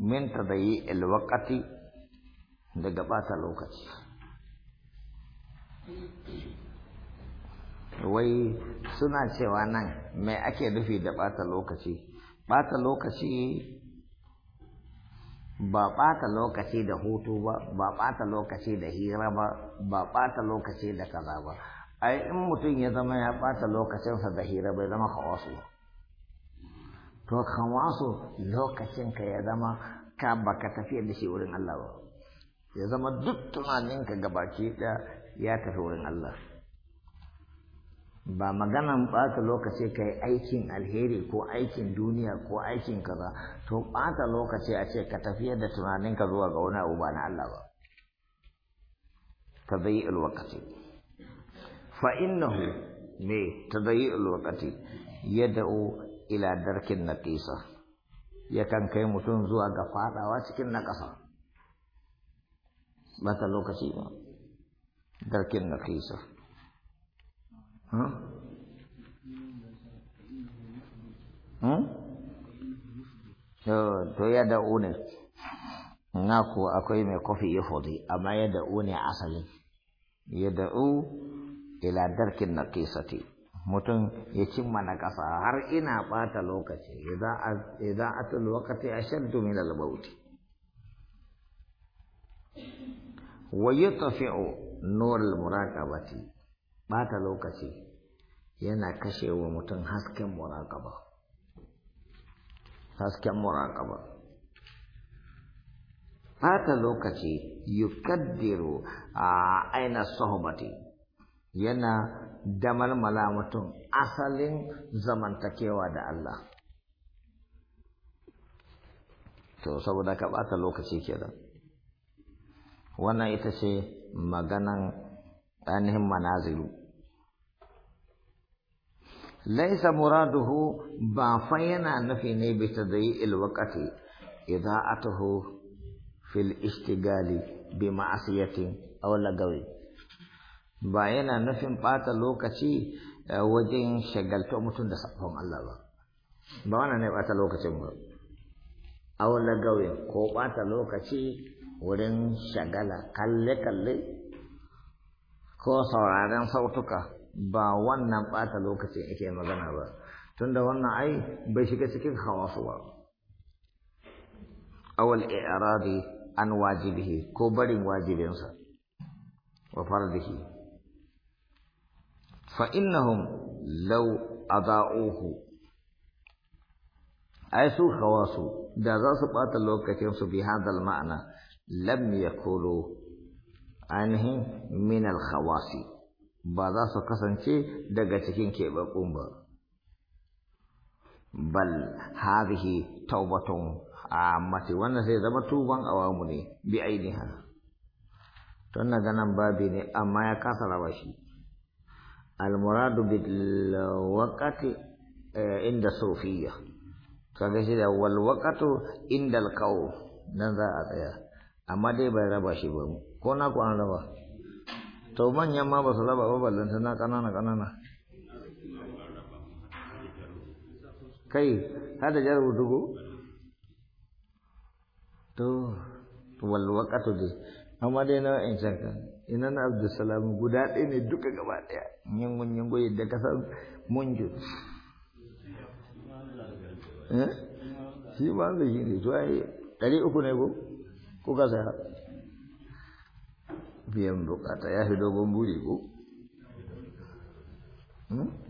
min tadayi alwaqati daga bata lokaci wai suna cewa nan me ake nufi da bata lokaci bata lokaci ba bata lokaci da hutu ba ba bata lokaci da hira ba ba bata lokaci da kaza ba ai in mutum ya zama ya bata lokacinsa da hira bai zama hawasu ba to lokacin ka ya zama ka baka tafiya da shi wurin Allah ba ya zama duk tunaninka gabaki da ya tafi wurin Allah ba maganan ɓata lokaci ka aikin alheri ko aikin duniya ko aikin kaza to ɓata lokaci a ce ka tafiyar da tunaninka zuwa ga wani abu ba na Allah ba fa innahu فإنه تضييع الوقت yadda. ila darkin naqisa kan kai mutum zuwa ga fadawa cikin naqasa ba ta lokaci ba darkin naqisa hmm? to ya da'u ne na ko akwai mai kofi ya fodi amma ya da'u ne asali ya da'u ila darkin naqisati mutum ya cimma na ƙasa har ina ɓata lokaci idan a tun lokaci a shaddu min albauti wa yi tafi'u nur ce, ɓata lokaci yana kashe wa mutum hasken muraƙaba hasken muraƙaba ɓata lokaci yukaddiru a aina sahobati yana damalmala mutum asalin zamantakewa da Allah to saboda ka ɓata lokaci kenan wannan ita ce maganan ainihin manazilu laisa muraduhu ba fa yana nufi ne bi tadyi'il waqti idha'atuhu fil ishtigali bi ma'siyatin aw lagawi ba yana nufin ɓata lokaci eh, wajen shagalta mutum da sabon Allah ba ba wannan ne ɓata lokacin ba aula gauye ko ɓata lokaci wurin shagala kalle-kalle ko sauraren sautuka ba wannan ɓata lokacin ake magana ba tunda wannan ai bai shiga cikin hawasu ba awal i'radi an wajibihi ko barin wajibinsa wa fardihi fa innahum law ada'uhu ai su da za su bata lokacin su bi hadal ma'ana lam yakulu anhi min al khawasi ba za su kasance daga cikin keɓaɓɓun ba bal hadhihi taubatun ammati wannan sai zama tuban awamu ne bi ainiha tun daga nan babi ne amma ya kasa rawa shi المراد بالوقت عند الصوفية kaga shi da walwakatu indal kawo nan za a tsaya amma dai bai raba shi ba ko na ku an raba to manyan ma ba su raba ba ballanta na kanana kanana kai har da jarubu dugu to walwakatu dai amma dai na wa'in can ina na abdulsalam guda ɗaya ne duka gaba ɗaya yangun yangun yadda ka munjin eh? shi da shi ne to ai ɗari uku ne ko ko biyan bukata ya fi dogon buri ko hmm?